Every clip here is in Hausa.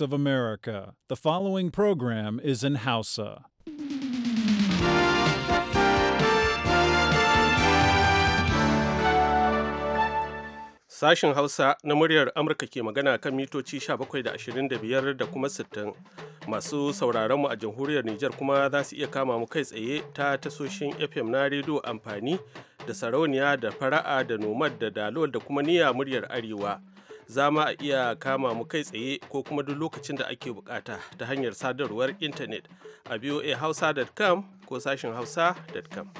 of America. The following program is in Hausa. Sashen Hausa na muryar Amurka ke magana kan mitoci 17 da 25 da kuma 60. Masu sauraron mu a jamhuriyar Nijar kuma za su iya kama mu kai tsaye ta tasoshin FM na rediyo amfani da sarauniya da fara'a da nomad da dalol da kuma niya muryar Arewa. za a iya kama mu kai tsaye ko kuma duk lokacin da ake bukata ta hanyar sadarwar intanet a voahausa.com ko sashen hausa.com.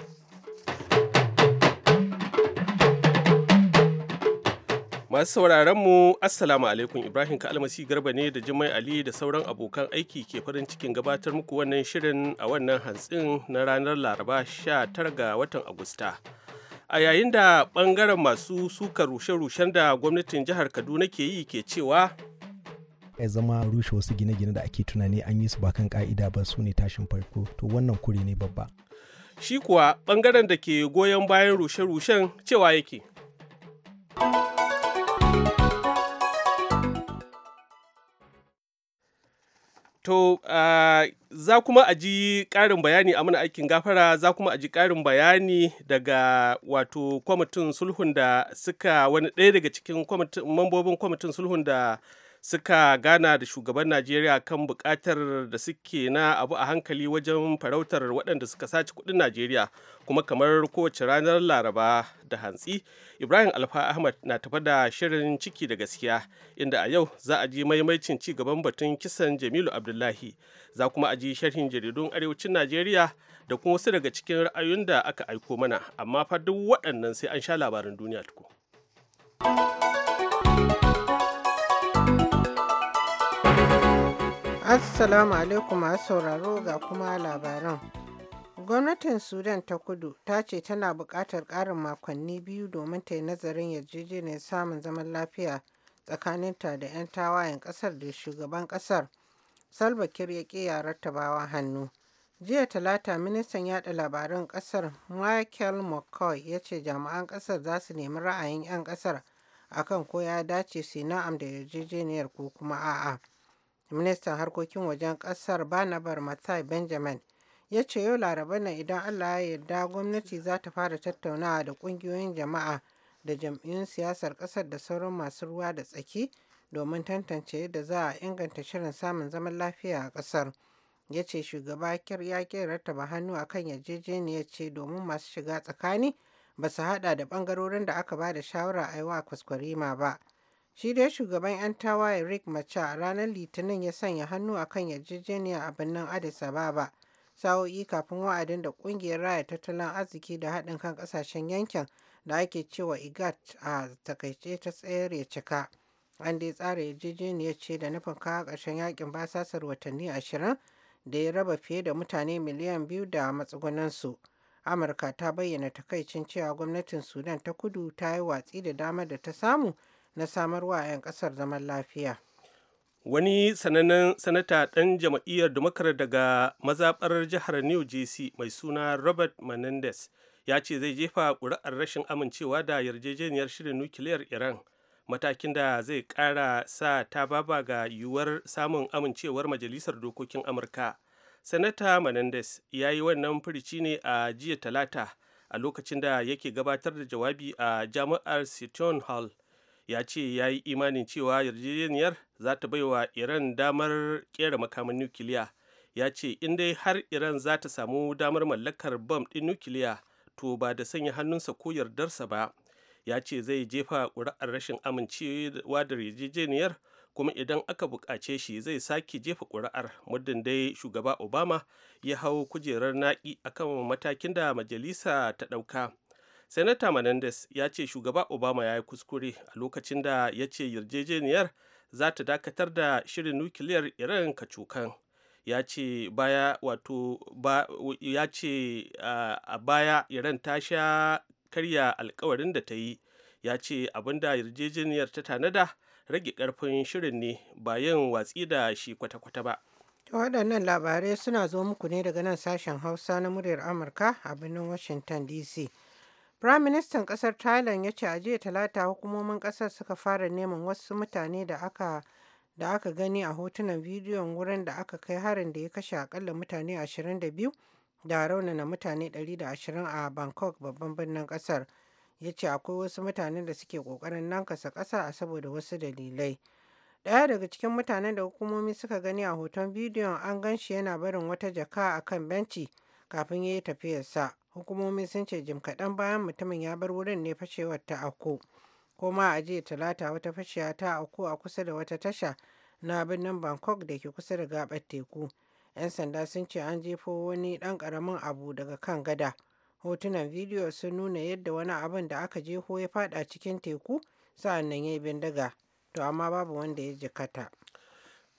masu sauraron mu assalamu alaikum ibrahim kalmasi garba ne da jimai ali da sauran abokan aiki ke farin cikin gabatar muku wannan shirin a wannan hantsin na ranar laraba 19 ga watan agusta. a yayin da ɓangaren masu suka rushe-rushen da gwamnatin jihar kaduna ke yi ke cewa ya zama rushe wasu gine-gine da ake tunani an yi su ba kan ka'ida ba su ne tashin farko to wannan kuri ne babba shi kuwa ɓangaren da ke goyon bayan rushe-rushen cewa yake To, uh, za kuma a ji ƙarin bayani a mana aikin gafara, za kuma a ji ƙarin bayani daga wato kwamitin sulhun da suka wani ɗaya daga cikin mambobin kwamitin sulhun da suka gana da shugaban najeriya kan bukatar da suke na abu a hankali wajen farautar waɗanda suka sace kuɗin najeriya kuma kamar kowace ranar laraba da hantsi ibrahim alfa ahmad na tafa da shirin ciki da gaskiya inda a yau za a ji maimaicin ci gaban batun kisan jamilu abdullahi za kuma a ji sharhin jaridun arewacin najeriya da kuma wasu daga cikin ra'ayoyin da aka aiko mana amma fa duk waɗannan sai an sha labarin duniya tuku. Assalamu alaikum masu sauraro ga kuma labaran. Gwamnatin Sudan ta kudu ta ce tana buƙatar ƙarin makonni biyu domin ta yi nazarin yarjejeniyar samun zaman lafiya tsakaninta da 'yan tawayen ƙasar da shugaban ƙasar salba Kiir ya ƙi hannu. Jiya Talata ministan yada labarin ƙasar Michael McCoy ya ce jami'an ƙasar za su nemi ra'ayin 'yan ƙasar akan ko ya dace su na'am da yarjejeniyar ko kuma a'a. Ministan harkokin wajen ƙasar banabar Matai Benjamin ya ce yau laraba na idan Allah ya yarda gwamnati za ta fara tattaunawa da ƙungiyoyin jama'a da jam'iyyun siyasar ƙasar da sauran masu ruwa da tsaki domin tantance yadda za a inganta shirin samun zaman lafiya a ƙasar. ya ce shugaba kir ya ƙi rattaba hannu a kan yarjejeniyar ce domin masu shiga tsakani ba su hada da bangarorin da aka ba da shawara a yi wa kwaskwarima ba Shi dai shugaban 'yan tawaye Rick Macha, ranar Litinin ya sanya hannu a kan yarjejeniya a birnin Addis Ababa, sa'o'i kafin wa'adin da ƙungiyar raya tattalin arziki da haɗin kan ƙasashen yankin da ake cewa IGAT a takaice ta tsayar ya cika. An dai tsara yarjejeniya ce da nufin kawo ƙarshen yakin basasar watanni ashirin da ya raba fiye da mutane miliyan biyu da matsugunansu. Amurka ta bayyana takaicin cewa gwamnatin Sudan ta kudu ta yi watsi da damar da ta samu na samarwa 'yan kasar zaman lafiya. Wani sanannen sanata ɗan jam'iyyar dumakar daga mazaɓar jihar New Jersey mai suna Robert Menendez ya ce zai jefa ƙuri'ar rashin amincewa da yarjejeniyar shirin nukiliyar Iran matakin da zai ƙara sa ta baba ga yiwuwar samun amincewar Majalisar Dokokin Amurka. Sanata Menendez ya yi wannan firici ne a jiya talata a lokacin da yake gabatar da jawabi a jami'ar Seton Hall. ya ce ya yi imanin cewa yarjejeniyar za ta wa iran damar kera makamin nukiliya ya ce in dai har iran za ta samu damar mallakar bam ɗin nukiliya to ba da sanya hannunsa ko yardarsa ba ya ce zai jefa ƙuri'ar rashin amincewa da yarjejeniyar kuma idan aka buƙace shi zai sake jefa ƙuri'ar muddin dai shugaba obama ya hau kujerar naƙi akan matakin da majalisa ta ɗauka Senator Menendez ya ce shugaba Obama ya yi kuskure a lokacin da ya ce yarjejeniyar za ta dakatar da shirin nukiliyar Iran kacokan. ya ce baya wato ya ce a baya iran ta sha karya alkawarin da ta yi ya ce da yarjejeniyar ta tanada rage karfin shirin ne ba yin watsi da shi kwata-kwata ba waɗannan labarai suna zo muku ne daga nan sashen hausa na muryar amurka a birnin washington dc Firaministan ƙasar Thailand ya ce a jiya Talata hukumomin ƙasar suka fara neman wasu mutane da aka da aka gani a hotunan bidiyon wurin da aka kai harin da ya kashe akalla mutane 22 da raunana mutane 120 a Bangkok babban birnin ƙasar. Ya ce akwai wasu mutanen da suke ƙoƙarin nankasa ƙasa a saboda wasu dalilai. Ɗaya daga cikin mutanen da hukumomi suka gani a hoton bidiyon an gan shi yana barin wata jaka a kan benci kafin ya yi tafiyarsa. hukumomi sun ce jim kaɗan bayan mutumin ya bar wurin ne fashewar ta ko ma a jiya talata wata fashewa ta ako a kusa da wata tasha na birnin bangkok da ke kusa da gabar teku 'yan sanda sun ce an jefo wani ɗan ƙaramin abu daga kan gada hotunan bidiyo sun nuna yadda wani abin da aka jefo ya fada cikin teku sa'an nan ya yi bindiga to amma babu wanda ya jikata.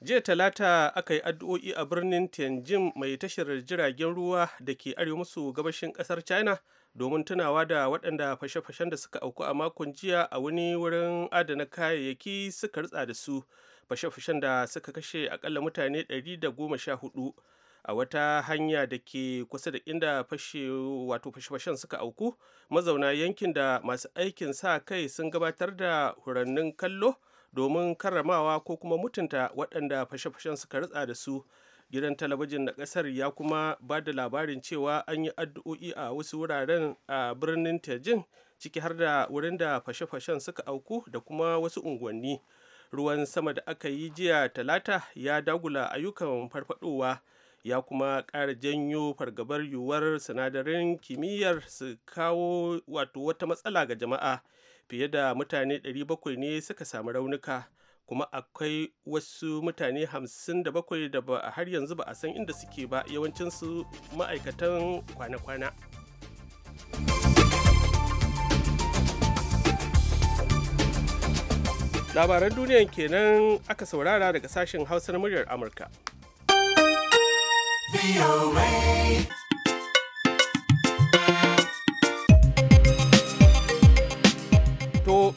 jiya talata aka yi addu'o'i a birnin tianjin mai tashar jiragen ruwa da ke arewa maso gabashin kasar china domin tunawa da waɗanda fashe-fashen da suka auku a makon jiya a wani wurin adana kayayyaki suka rutsa da su fashe-fashen da suka kashe akalla mutane 114 a wata hanya da ke kusa da inda fashe wato fashe-fashen suka auku mazauna yankin da masu aikin sa kai sun gabatar da hurannin kallo domin karramawa ko kuma mutunta waɗanda fashe-fashen suka ritsa da su gidan talabijin na ƙasar ya kuma ba da labarin cewa an yi addu'o'i a wasu wuraren a birnin tejin ciki har da wurin da fashe-fashen suka auku da kuma wasu unguwanni ruwan sama da aka yi jiya talata ya dagula ayyukan farfadowa ya kuma ƙara janyo fargabar yiwuwar sinadarin kimiyyar su kawo wato wata matsala ga jama'a fiye da mutane 700 ne suka samu raunuka kuma akwai wasu mutane 57 da ba har yanzu ba a san inda suke ba yawancinsu ma'aikatan kwana-kwana labaran duniyan kenan aka saurara daga sashen hausar muryar amurka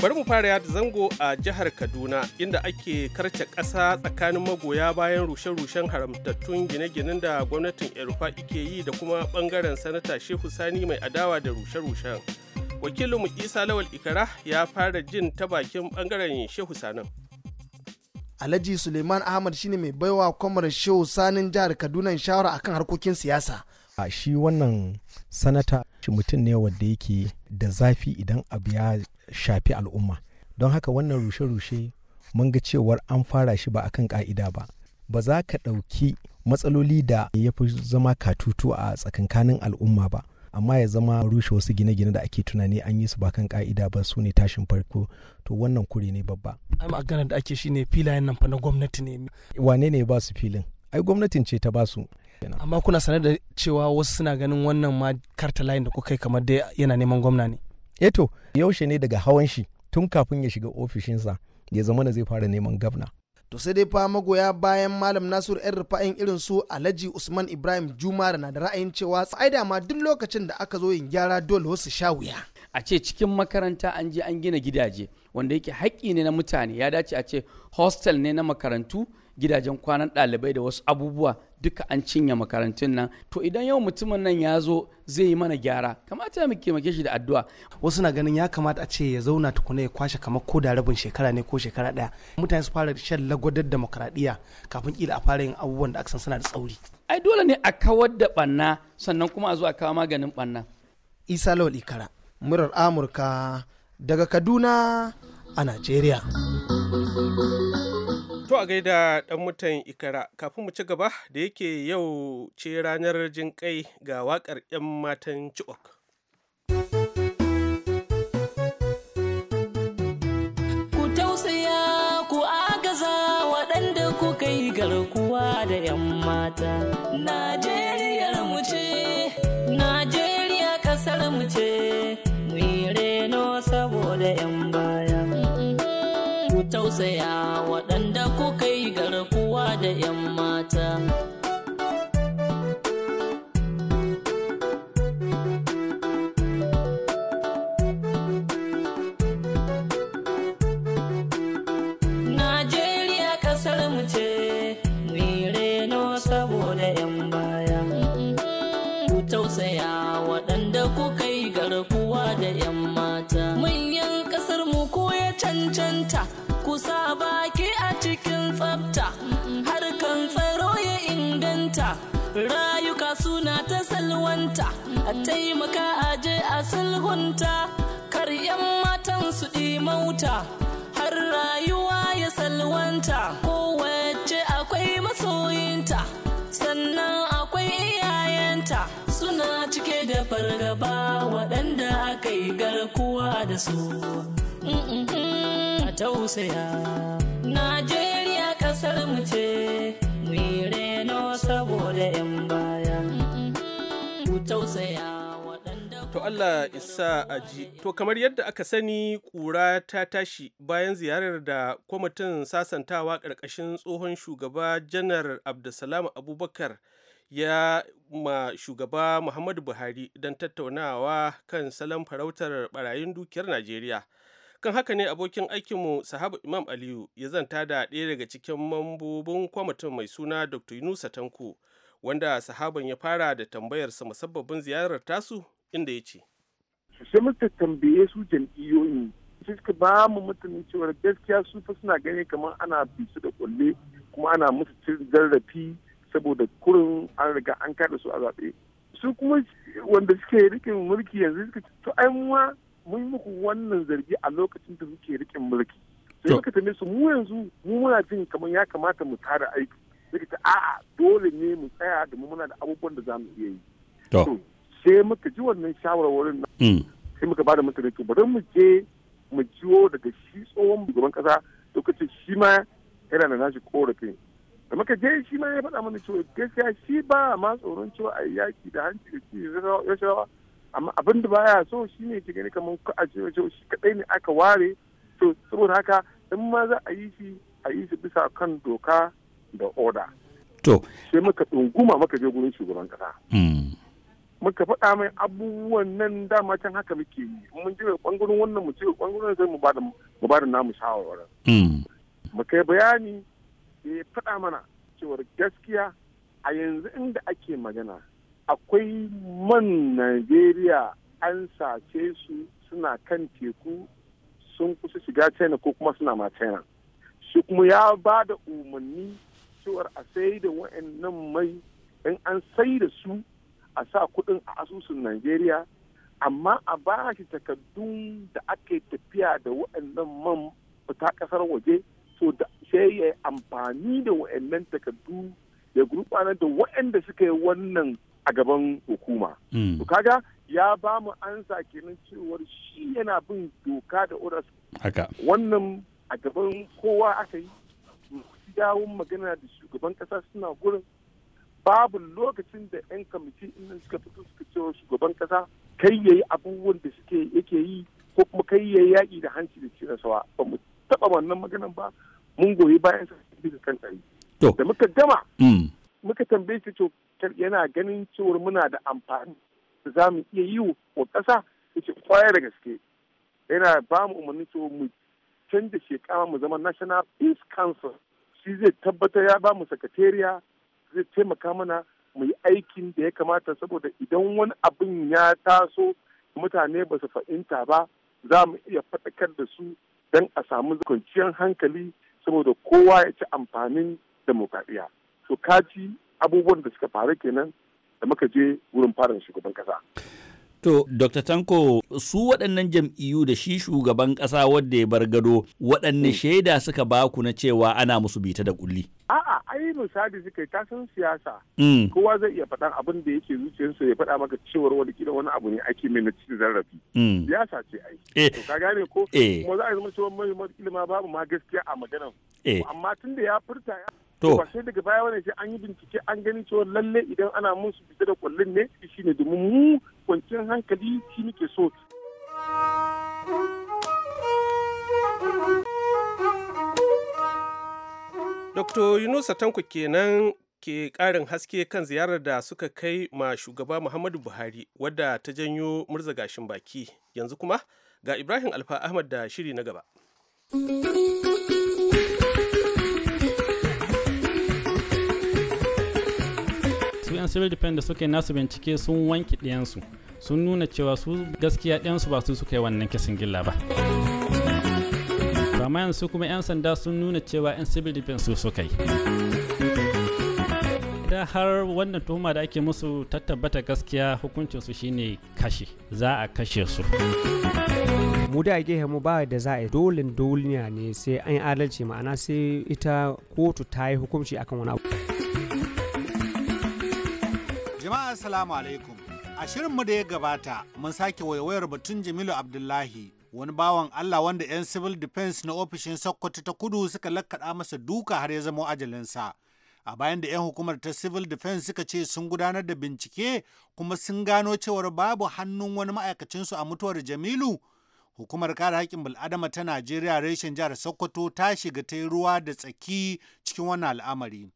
bari mu fara yada zango a jihar kaduna inda ake karce ƙasa tsakanin magoya bayan rushe-rushen haramtattun gine-ginen da gwamnatin erufa ke yi da kuma bangaren sanata shehu sani mai adawa da rushe-rushen wakilinmu isa lawal ikara ya fara jin ta bakin ɓangaren shehu sanin alhaji suleiman ahmad shine mai baiwa kwamar shehu sanin jihar kaduna shawara akan harkokin siyasa a shi wannan sanata shi mutum ne wanda yake da zafi idan abu ya shafi al'umma don haka wannan rushe-rushe mun ga cewar an fara shi ba akan ka'ida ba ba za ka ɗauki matsaloli da ya fi zama katutu a tsakankanin al'umma ba amma ya zama rushe wasu gine-gine da ake tunani an yi su ba kan ka'ida ba su ne tashin farko to wannan kure ne babba ai magana da ake shine filayen nan fa na gwamnati ne wane ne ba su filin ai gwamnatin ce ta ba su amma kuna sanar da cewa wasu suna ganin wannan ma karta layin da kuka kai kamar dai yana neman gwamna ne eto eh yaushe ne daga hawan shi tun kafin ya shiga ofishinsa ya zama na zai fara neman gwamna to sai dai fa magoya bayan malam nasiru yan rufa'in irin su alhaji usman ibrahim juma na da ra'ayin cewa da ma duk lokacin da aka zo yin gyara dole wasu sha wuya a ce cikin makaranta an je an gina gidaje wanda yake haƙƙi ne na mutane ya dace a ce hostel ne na makarantu gidajen kwanan ɗalibai da wasu abubuwa duka an cinye makarantun nan to idan yau mutumin nan ya zo zai yi mana gyara kamata mu taimake shi da addu'a wasu na ganin ya kamata a ce ya zauna tukuna ya kwashe kamar ko da rabin shekara ne ko shekara ɗaya mutane su fara shan lagwadar demokradiyya kafin kila a fara yin abubuwan da aka san suna da tsauri ai dole ne a kawar da ɓanna sannan kuma a zo a kawo maganin ɓanna isa lawal ikara murar amurka daga Kaduna a Najeriya. To a gaida ɗan mutan Ikara kafin mu ci gaba da yake yau ce ranar jin kai ga waƙar 'yan matan ciok Ku tausaya ku agaza waɗanda ku kai garkuwa da 'yan mata. tsaya waɗanda kuka yi garkuwa da yamma. suna cike da fargaba waɗanda aka yi garkuwa da su a tausaya najeriya ƙasar mu ce mu reno saboda 'yan baya ku tausaya To Allah isa a ji. To kamar yadda aka sani ƙura ta tashi bayan ziyarar da kwamitin sasantawa ƙarƙashin tsohon shugaba janar Abdulsalam Abubakar ya ma shugaba muhammadu buhari don tattaunawa kan salon farautar barayin dukiyar najeriya kan haka ne abokin aikinmu sahabu imam aliyu ya zanta da ɗaya daga cikin mambobin kwamitin mai suna dr yunusa tanko wanda sahaban ya fara da tambayarsa musabbabin ziyarar tasu inda ya ce sai muka tambaye su jam'iyyoyin sai suka ba mu mutumin cewar gaskiya su fa suna gani kamar ana bisu da kulle kuma ana musu cin zarrafi saboda kurin an riga an kada su a zaɓe su kuma wanda suke rikin mulki yanzu suka to ai muwa mun muku wannan zargi a lokacin da suke rikin mulki sai muka tambaye su mu yanzu mu muna jin kamar ya kamata mu tara aiki suka ce a'a dole ne mu tsaya da mu muna da abubuwan da zamu iya yi to sai muka ji wannan shawarwarin nan hmm. sai muka bada mutane da bari mu je mu jiwo daga shi tsohon shugaban kasa lokacin shi ma yana da nashi korafin kamar ka je shi ma ya faɗa mana cewa gaskiya shi ba ma tsoron cewa a yaki da hanci da ci rashawa amma abin da baya so shi ne ki gani kamar a cewa shi kadai ne aka ware to saboda haka in ma za a yi shi a yi shi bisa kan doka da oda to sai muka ɗunguma muka je gurin shugaban kasa hmm. muka faɗa mai abubuwan nan dama can haka muke yi mun je bangaren wannan mu ce bangaren sai mu ba da namu shawarwarin hmm. mu kai bayani da ya faɗa mana cewar gaskiya a yanzu inda ake magana akwai man Najeriya an sace su suna kan teku sun kusa shiga China ko kuma suna ma China. Shi kuma ya ba da umarni cewar a sai da wa'annan mai in an sai da su a sa kuɗin a asusun Najeriya amma a ba shi takaddun da ake tafiya da waɗannan man fita ƙasar waje so sai ya amfani da wa'annan takardu ya gurbanar da wa'anda suka yi wannan a gaban hukuma. Hmm. To kaga ya ba mu ansa kenan cewar shi yana bin doka da oras. Haka. Wannan a gaban kowa aka yi. dawo magana da shugaban kasa suna gurin babu lokacin da 'yan kamiti nan suka fito suka cewa shugaban kasa kai yayi abubuwan da suke yake yi ko kuma kai yayi yaƙi da hanci da cire sawa ba mu taɓa wannan maganan ba mun goyi bayan sa da kan tsari da muka gama mm. muka tambaye shi to yana ganin cewar muna da amfani da za mu iya yi wa ƙasa yace kwaya da gaske yana ba mu umarni to mu canza shekara mu zama national peace council shi zai tabbatar ya ba mu sakatariya zai taimaka mana mu yi aikin da ya kamata saboda idan wani abin ya taso mutane ba su fahimta ba za mu iya faɗakar da su don a samu kwanciyar hankali saboda kowa ya ci amfanin demokradiyya so kaji abubuwan da suka faru kenan da muka je wurin farin shugaban kasa To, Dr. Tanko, su waɗannan jam'iyyu da shi shugaban ƙasa wadda ya bar gado, waɗanne hmm. shaida suka baku na cewa ana musu bita da ƙulli? a'a ai misali suka yi san siyasa hmm. kowa zai iya faɗa abin da yake zuciyarsa ya faɗa maka cewar wani kila wani abu ne ake mai na cikin zarrafi. Hmm. siyasa ce ai eh. to ka gane ko eh. kuma za a zama cewa mai ma babu ma gaskiya a maganar eh. amma tun da ya furta ya to ba sai daga baya wani sai an yi bincike an gani cewa lalle idan ana musu fita da kullun ne shi ne domin mu kwanciyar hankali shi muke so Dr. Yunusa Tanko kenan ke ƙarin haske kan ziyarar da suka kai ma shugaba Muhammadu Buhari wadda ta janyo murza gashin baki. Yanzu kuma ga Ibrahim Alfa Ahmad da shiri na gaba. su 'yan civil defense da suka yi nasu bincike sun wanki ɗiyansu sun nuna cewa su gaskiya ɗiyansu ba su suka yi wannan kisan gilla ba. amma yanzu kuma 'yan sanda sun nuna cewa 'yan civil defense su suka yi da har wannan tuhuma da ake musu ta tabbata gaskiya hukuncinsu shine kashe za a kashe su mu da ake mu ba da za a yi dolin duniya ne sai an yi adalci ma'ana sai ita kotu ta yi hukunci akan wani abu jama'a assalamu alaikum a shirin mu da ya gabata mun sake waiwayar batun jamilu abdullahi wani bawan Allah wanda 'yan civil defense na ofishin Sokoto ta kudu suka lakkaɗa masa duka har ya zama ajalinsa. A bayan da 'yan hukumar ta civil defense suka ce sun gudanar da bincike kuma sun gano cewar babu hannun wani ma'aikacinsu a mutuwar Jamilu. Hukumar kare haƙƙin bil'adama ta Najeriya reshen jihar Sokoto ta shiga ta yi ruwa da tsaki cikin wannan al'amari.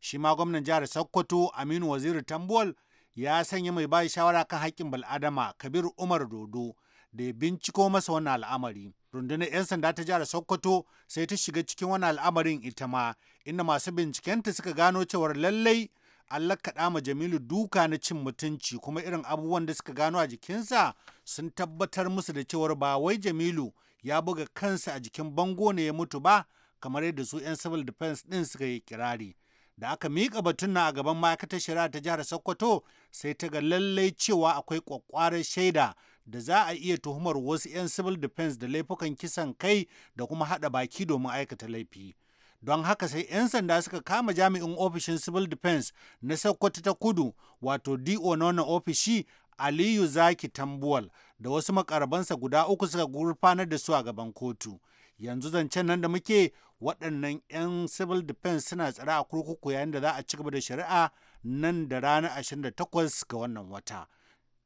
Shi ma gwamnan jihar Sokoto Aminu Waziri Tambuwal ya sanya mai bayi shawara kan haƙƙin bil'adama Kabir Umar Dodo. da ya binciko masa wannan al'amari. Rundunar 'yan sanda ta jihar Sokoto sai ta shiga cikin wani al'amarin ita ma, inda masu bincikenta suka gano cewar lallai Allah kaɗa ma Jamilu duka na cin mutunci kuma irin abubuwan da suka gano a jikinsa sun tabbatar musu da cewar ba wai Jamilu ya buga kansa a jikin bango ne ya mutu ba kamar yadda su 'yan civil defense ɗin suka yi kirari. Da aka miƙa batun na a gaban ma'aikatar shari'a ta jihar Sokoto sai ta ga lallai cewa akwai ƙwaƙƙwarar shaida da za a iya tuhumar wasu 'yan civil defense da laifukan kisan kai da kuma haɗa baki domin aikata laifi. Don haka sai 'yan sanda suka kama jami'in ofishin civil defense na Sokoto ta kudu wato D.O. Nona ofishi Aliyu Zaki Tambuwal da wasu makarabansa guda uku suka gurfanar da su a gaban kotu. Yanzu zancen nan da muke waɗannan 'yan civil defense suna tsare a kurkuku yayin da za a ci gaba da shari'a nan da ranar 28 ga wannan wata.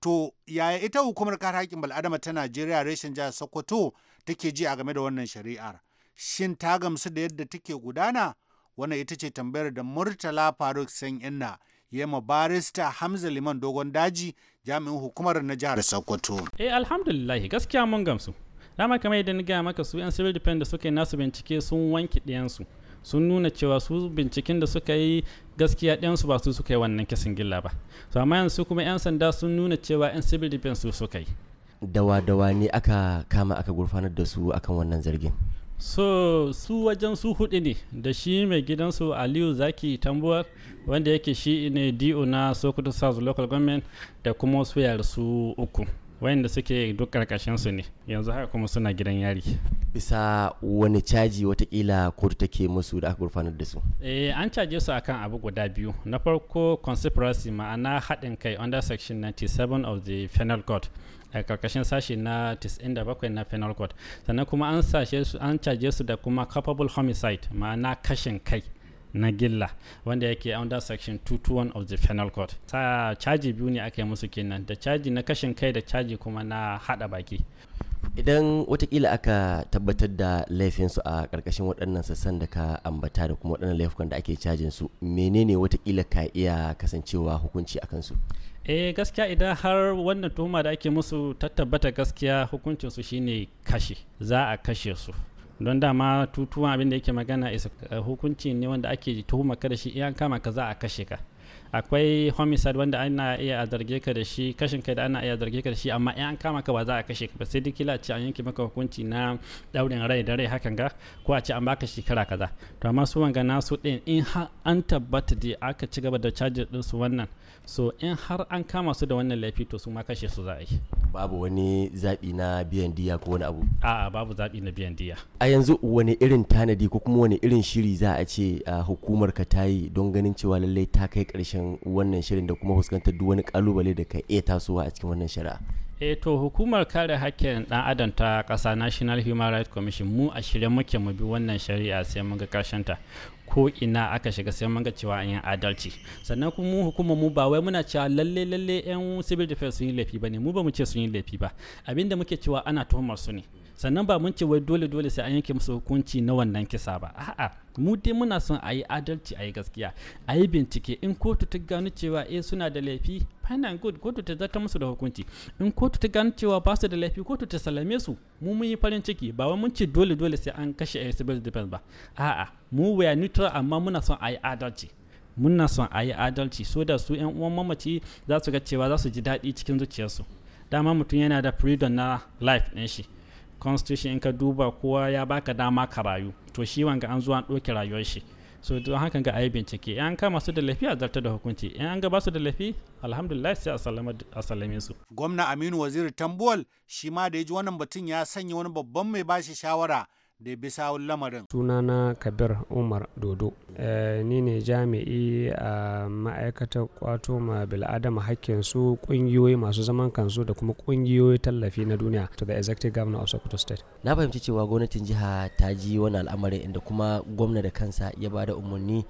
To yaya ita hukumar kare haƙƙin bal'adama ta Najeriya reshen jihar Sokoto take ji a game da wannan shari'ar? Shin ta gamsu da yadda take gudana? Wannan ita ce tambayar da Murtala Faruk inna ya ma barista Hamza Liman Dogon Daji jami'in hukumar na jihar Sokoto. Eh alhamdulillah gaskiya mun gamsu. Dama kamar yadda na gaya maka su 'yan civil defense da suka nasu bincike sun wanke ɗiyansu. sun nuna cewa su binciken da suka yi gaskiya yansu ba su suka yi wannan kisan gilla ba to amma yanzu kuma 'yan sanda sun nuna cewa 'yan civil defense su suka yi dawa-dawa ne aka kama aka gurfanar da su akan wannan zargin so su wajen su hudu ne da shi mai gidansu aliyu zaki tambuwar wanda yake shi ne do na sokoto south local government da kuma su yara su uku wayanda suke duk karkashin su ne yanzu haka kuma suna gidan yari bisa wani caji watakila kotu take musu da aka gurfanar da su eh an caje su akan abu guda biyu na farko conspiracy ma'ana haɗin kai under section 97 of the penal code a karkashin sashi na 97 na penal code sannan kuma an caje su da kuma culpable homicide ma'ana kashin kai na gilla wanda yake under section 221 of the penal code ta caji biyu ne aka yi musu kenan da caji na kashin kai da caji kuma na hada baki idan watakila aka tabbatar da laifinsu a karkashin waɗannan sassan da ka ambata da kuma waɗannan laifukan da ake cajin su menene watakila ka iya kasancewa hukunci a kansu eh gaskiya idan har wannan tuhuma da ake musu ta tabbata gaskiya hukuncinsu shine kashe za a kashe su don dama tutuwan abin da yake magana is eh, hukunci ne wanda ake tuhuma ka da shi iyan kama ka za a kashe ka akwai homicide wanda ana iya a zarge ka da shi kashin kai da ana iya zarge ka da shi amma iya an kama ka ba za a kashe ka ba sai duk kila ce an yanke maka hukunci na daurin rai da rai hakan ga ko a ce an baka shekara kaza to amma su wanga su din in har an tabbata da aka ci gaba da charges din su wannan so in har an kama su da wannan laifi to su ma kashe su za a yi babu wani zaɓi na biyan diya ko wani abu a'a babu zaɓi na biyan diya a yanzu wani irin tanadi ko kuma wani irin shiri za a ce a hukumar ka ta yi don ganin cewa lallai ta kai ƙarshen wannan shirin da kuma fuskantar duk wani ƙalubale da ka iya tasowa a cikin wannan shari'a e to hukumar kare hakkin dan adam ta ƙasa national human rights commission mu a shirye muke mu bi wannan shari'a sai mun ga ta ko ina aka shiga sai mun ga cewa an yi adalci sannan kuma mu hukumar mu ba wai muna cewa lalle lalle yan civil defense sun yi laifi bane mu ba mu ce sun yi laifi ba abinda muke cewa ana tuhumar su ne sannan ba mun ce wai dole dole sai an yanke musu hukunci na wannan kisa ba a'a mu dai muna son a yi adalci a yi gaskiya a yi bincike in kotu ta gano cewa eh suna da laifi fine and good kotu ta zata musu da hukunci in kotu ta gano cewa ba su da laifi kotu ta salame su mu mun yi farin ciki ba wai mun ce dole dole sai an kashe a civil defense ba a'a mu we neutral amma muna son a yi adalci muna son a yi adalci so da su yan uwan mamaci za su ga cewa za su ji daɗi cikin zuciyarsu dama mutum yana da freedom na life ɗin shi constitution in ka duba kowa ya baka dama ka rayu to shi wanga an zuwa an ɗauke rayuwar shi so don hakan ga ayi bincike in kama su da lafiya a zartar da hukunci in an ga basu da lafi alhamdulillah sai a sallame su gwamna aminu waziri tambuwal shi ma da ya ji wannan batun ya sanya wani babban mai bashi shawara da bisa lamarin. Sunana Kabir Umar Dodo. Eh, ni ne jami'i a ma'aikatar kwato ma bil'adama hakkin su kungiyoyi masu zaman kansu da kuma kungiyoyi tallafi na duniya to the executive governor of Sokoto state. Na fahimci cewa gwamnatin jiha ta ji wani al'amarin inda kuma gwamna da kansa ya ba da umarni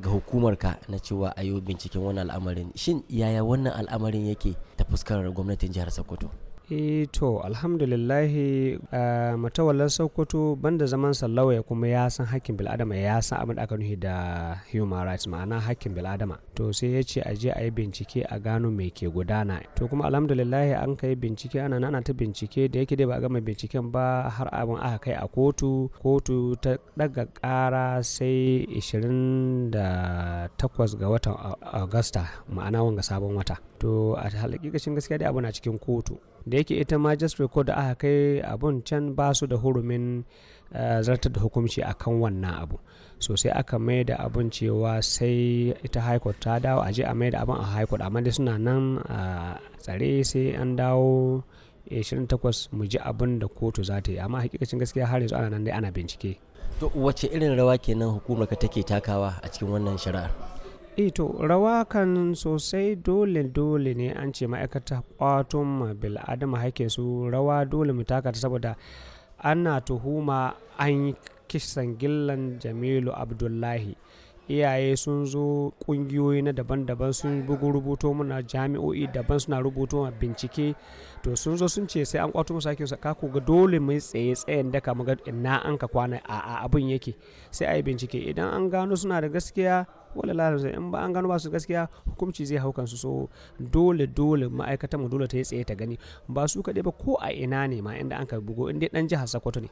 ga hukumar ka na cewa a yi binciken wani al'amarin. Shin yaya wannan al'amarin yake ta fuskar gwamnatin jihar Sokoto? E, to alhamdulillahi uh, matawalar sokoto banda zaman ya kuma ya san hakkin bil'adama ya san abin da aka nuhi da human rights ma'ana hakkin bil'adama to sai ya ce a je a yi bincike a gano me ke gudana to kuma alhamdulillahi an kai bincike ana nana ta bincike da yake dai ba a gama binciken ba har abin aka kai a kotu kotu ta daga kara sai 28 ga watan agusta ma'ana wanga sabon wata to a halakikacin gaskiya dai abu na cikin kotu da yake ita ma just record da aka kai abun can ba su da hurumin eh, zartar da hukunci kan wannan abu so sai aka mai da abun cewa sai ita high court ta dawo aje a mai da abun a high court amma dai suna nan a tsare sai an dawo 28 mu ji abun da kotu za ta yi amma hakikacin gaskiya har yanzu ana nan dai ana bincike to wace irin rawa kenan hukumar ka take takawa a cikin wannan shari'ar ito rawa kan sosai dole dole ne an ce ma'aikata kwaton ma bil adama haike su rawa dole mu takata saboda ana tuhuma an yi kisan gillan jamilu abdullahi iyaye sun zo kungiyoyi na daban-daban sun bugu rubuto muna jami'o'i daban suna rubuto ma bincike to sun zo sun ce sai an kwato musu ake saka ku ga dole mai tsaye tsayen daka maganin na ina an ka kwana a abin yake sai a yi bincike idan an gano suna da gaskiya wala lalata in ba an gano ba su gaskiya hukunci zai hau kansu so dole dole ma'aikatan mu dole ta yi tsaye ta gani ba su kaɗai ba ko a ina ne ma inda an ka bugo inda dan jihar Sokoto ne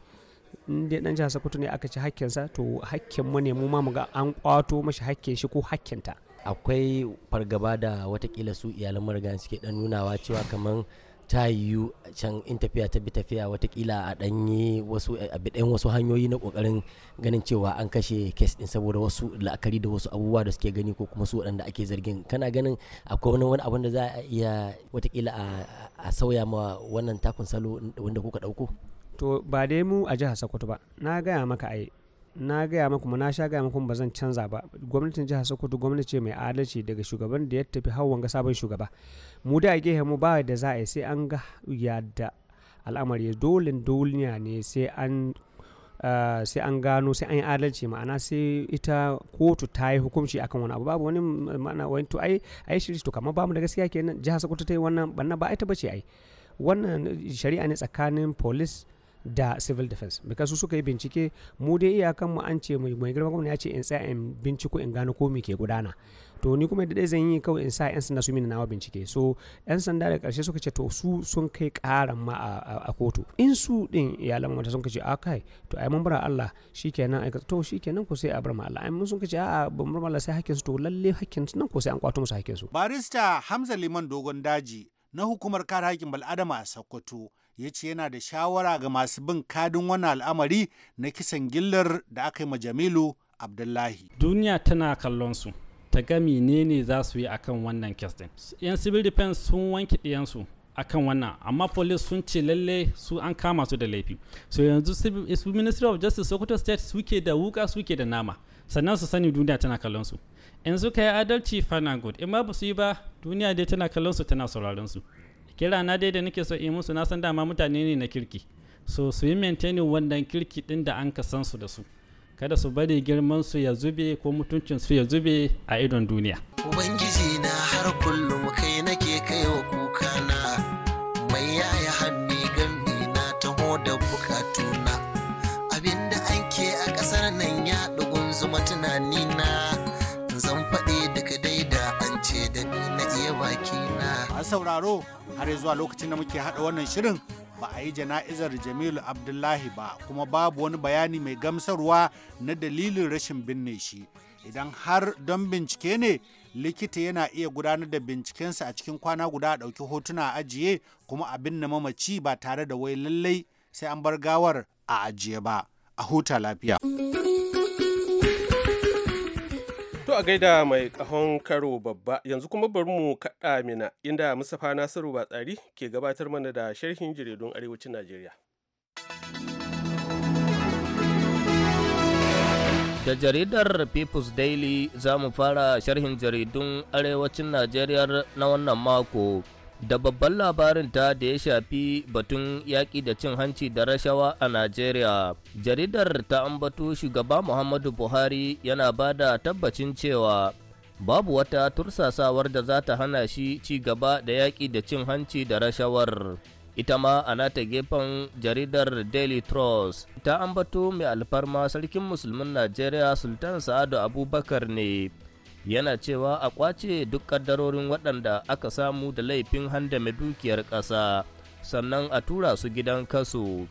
in dan jihar Sokoto ne aka ci hakkin sa to hakkin mu ne mu ma mu ga an kwato mashi hakkin shi ko ta akwai fargaba da watakila su iyalan marigan suke dan nunawa cewa kaman ta yiwu can in tafiya ta bi tafiya watakila a ɗanyi wasu ɗayan wasu hanyoyi na ƙoƙarin ganin cewa an kashe kes ɗin saboda wasu la'akari da wasu abubuwa da suke gani ko kuma su waɗanda ake zargin kana ganin akwai wani wani abin da za a iya watakila a sauya ma wannan takun salo wanda kuka ɗauko to ba dai mu a jihar sokoto ba na gaya maka ai na gaya muku na sha gaya muku ba zan canza ba gwamnatin jihar sokoto gwamnati ce mai adalci daga shugaban da ya tafi hawan ga sabon shugaba mu da a gehe mu ba da za a yi sai an ga yadda al'amari dole duniya ne sai an ah, sai an gano sai an yi adalci ma'ana sai ita kotu ta yi hukunci akan wani abu babu wani ma'ana wani to ai ai shiri to kamar bamu da gaskiya kenan jihar sokoto ta yi wannan banna ba ita bace ai wannan shari'a ne tsakanin police da civil defense because su suka yi bincike mu dai iyakan mu an ce mai girma kuma ya ce in tsaya in binciko in gano ko me ke gudana to ni kuma da zan yi kawai in sa yan sanda su mini nawa bincike so yan sanda da karshe suka ce to su sun kai karan ma a kotu in su din iyalan mata sun kace akai to ai mun bara Allah shikenan ai to shikenan ko sai a bar ma Allah ai mun sun kace a'a ban bar Allah sai hakkin su to lalle hakkin su nan ko sai an kwato musu hakkin su barista Hamza Liman Dogon Daji na hukumar kare hakkin bal'adama a Sokoto ya ce yana da shawara ga masu bin kadin wani al'amari na kisan gillar da aka yi ma jamilu abdullahi duniya tana kallon su ta ga menene za su yi akan wannan kes yan civil defense sun wanke ɗiyansu akan wannan amma police sun ce lalle su an kama su da laifi so yanzu eh, su ministry of justice sokoto state suke da wuka suke da nama sannan su sani duniya tana kallon su in suka yi adalci fana good in ba su yi ba duniya dai tana kallon su tana sauraron su kira na dai da nake so in musu na san dama mutane ne na kirki so su yi maintaining wannan kirki din da an san su da su kada su bari girman su ya zube ko mutuncin su ya zube a idon duniya ubangiji na har kullum kai nake kai wa kuka na mai yaya hannu gambi na taho da bukatuna abinda an ke a kasar nan ya dugun zuma tunanina an sauraro har zuwa lokacin da muke haɗa wannan shirin ba a yi jana'izar jamilu abdullahi ba kuma babu wani bayani mai gamsarwa na dalilin rashin binne shi idan har don bincike ne likita yana iya gudanar da bincikensa a cikin kwana guda a ɗauki hotuna a ajiye kuma a binne mamaci ba tare da wai lallai sai an bar gawar a ajiye ba a huta lafiya. To a gaida mai kahon karo babba yanzu kuma bari mu kaɗa mina inda Mustapha Nasiru Batsari ke gabatar mana da sharhin jaridun arewacin Najeriya. Da jaridar People's Daily za mu fara sharhin jaridun arewacin Najeriya na wannan mako. da babban labarin ta da ya shafi batun yaƙi da cin hanci da rashawa a Najeriya. Jaridar ta ambato shugaba Muhammadu Buhari yana ba da tabbacin cewa babu wata tursasawar da za ta hana shi ci gaba da yaƙi da cin hanci da rashawar. Ita ma a nata gefen jaridar Daily Trust ta ambato mai alfarma sarkin musulmin Najeriya Sultan Sa'adu Abubakar ne. yana cewa a kwace duk kaddarorin waɗanda aka samu da laifin handame dukiyar ƙasa sannan a tura su gidan kaso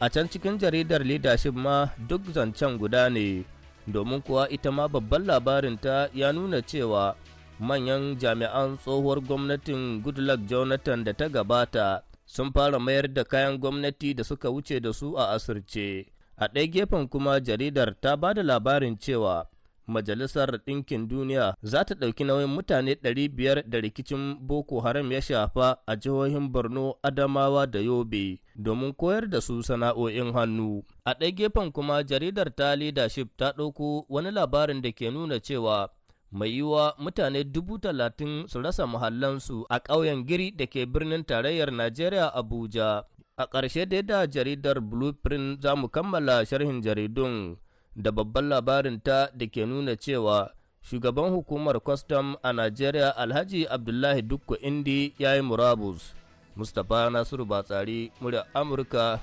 a can cikin jaridar leadership ma duk zancen guda ne domin kuwa ita ma babban labarinta ya nuna cewa manyan jami'an tsohuwar gwamnatin goodluck jonathan da ta gabata sun fara mayar da kayan gwamnati da suka wuce da su a asirce a ɗaya gefen kuma jaridar ta ba da labarin cewa Majalisar Ɗinkin Duniya za ta ɗauki nauyin mutane 500 da rikicin Boko Haram ya shafa a jihohin Borno, Adamawa da Yobe domin koyar da su sana'o'in hannu. A ɗaya gefen kuma jaridar ta leadership ta ɗauko wani labarin da ke nuna cewa mai yiwuwa mutane dubu talatin su rasa muhallansu a ƙauyen giri da ke birnin tarayyar Najeriya Abuja. A ƙarshe da jaridar Blueprint za mu kammala sharhin jaridun. da babban labarinta da ke nuna cewa shugaban hukumar kwastam a Najeriya Alhaji Abdullahi Dukko Indi ya yi murabus. Mustapha Nasiru Batsari, murya Amurka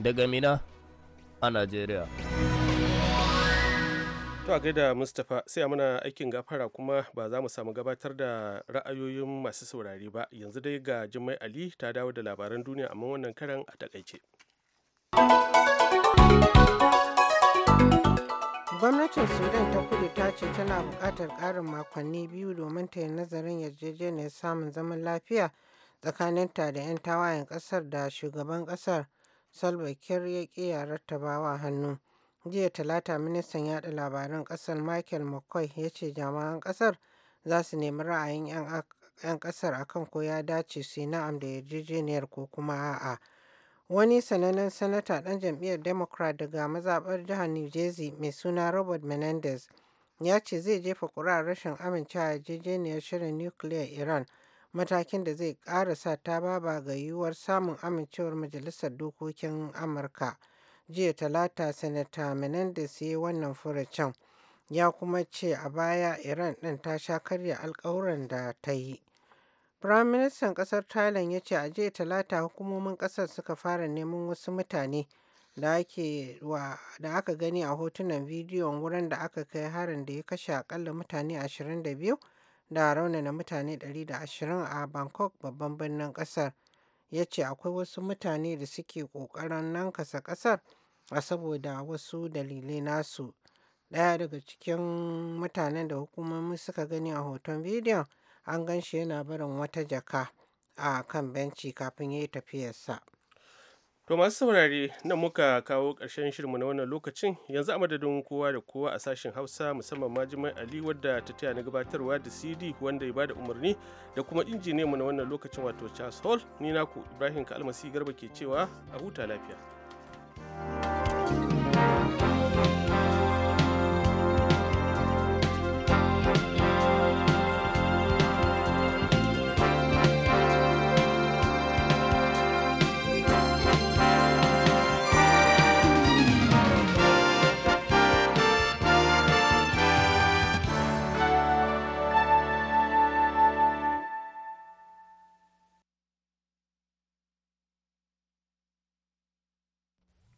daga Mina a Najeriya. To a gaida Mustapha sai muna aikin gafara kuma ba za mu samu gabatar da ra'ayoyin masu saurari ba yanzu dai ga Jummai Ali ta dawo da labaran duniya amma wannan karan a takaice. Gwamnatin Sudan ta kudu ta ce tana bukatar ƙarin makonni biyu domin ta yi nazarin yarjejeniyar samun zaman lafiya tsakaninta da 'yan tawayen kasar da shugaban kasar Salva Kiir ya ƙi rattabawa hannu. Jiya Talata ministan yaɗa labaran kasar Michael McCoy ya ce jama'an kasar za su nemi ra'ayin 'yan ƙasar akan ko ya dace su yi na'am da yarjejeniyar ko kuma a'a. Wani sanannen Sanata ɗan jam'iyyar Democrat daga mazaɓar jihar New Jersey mai suna Robert Menendez ya ce zai jefa ƙuri'ar rashin amincewa da yarjejeniyar shirin nukiliyar Iran, matakin da zai ƙara sa ta baba ga yiwuwar samun amincewar Majalisar Dokokin Amurka. Jiya Talata, Sanata Menendez ya yi wannan furucin. Ya kuma ce a baya Iran ɗin ta sha karya alkawuran da ta yi. Firaministan ƙasar Thailand ya ce a jiya talata hukumomin ƙasar suka fara neman wasu mutane da aka gani a hotunan bidiyon wurin da aka kai harin da ya kashe akalla mutane 22 da raunana mutane 120 a Bangkok babban birnin ƙasar. Ya ce akwai wasu mutane da suke ƙoƙarin kasa ƙasar a saboda wasu dalilai nasu. Ɗaya daga cikin mutanen da hukumomi suka gani a hoton bidiyon an gan shi yana barin wata jaka a kan benci kafin ya yi tafiyarsa. To masu saurare nan muka kawo ƙarshen shirinmu na wannan lokacin yanzu a madadin kowa da kowa a sashen Hausa musamman ma Jimai Ali wadda ta taya na gabatarwa da CD wanda ya bada umarni da kuma injiniyanmu na wannan lokacin wato Charles Hall ni naku Ibrahim Kalmasi Garba ke cewa a huta lafiya.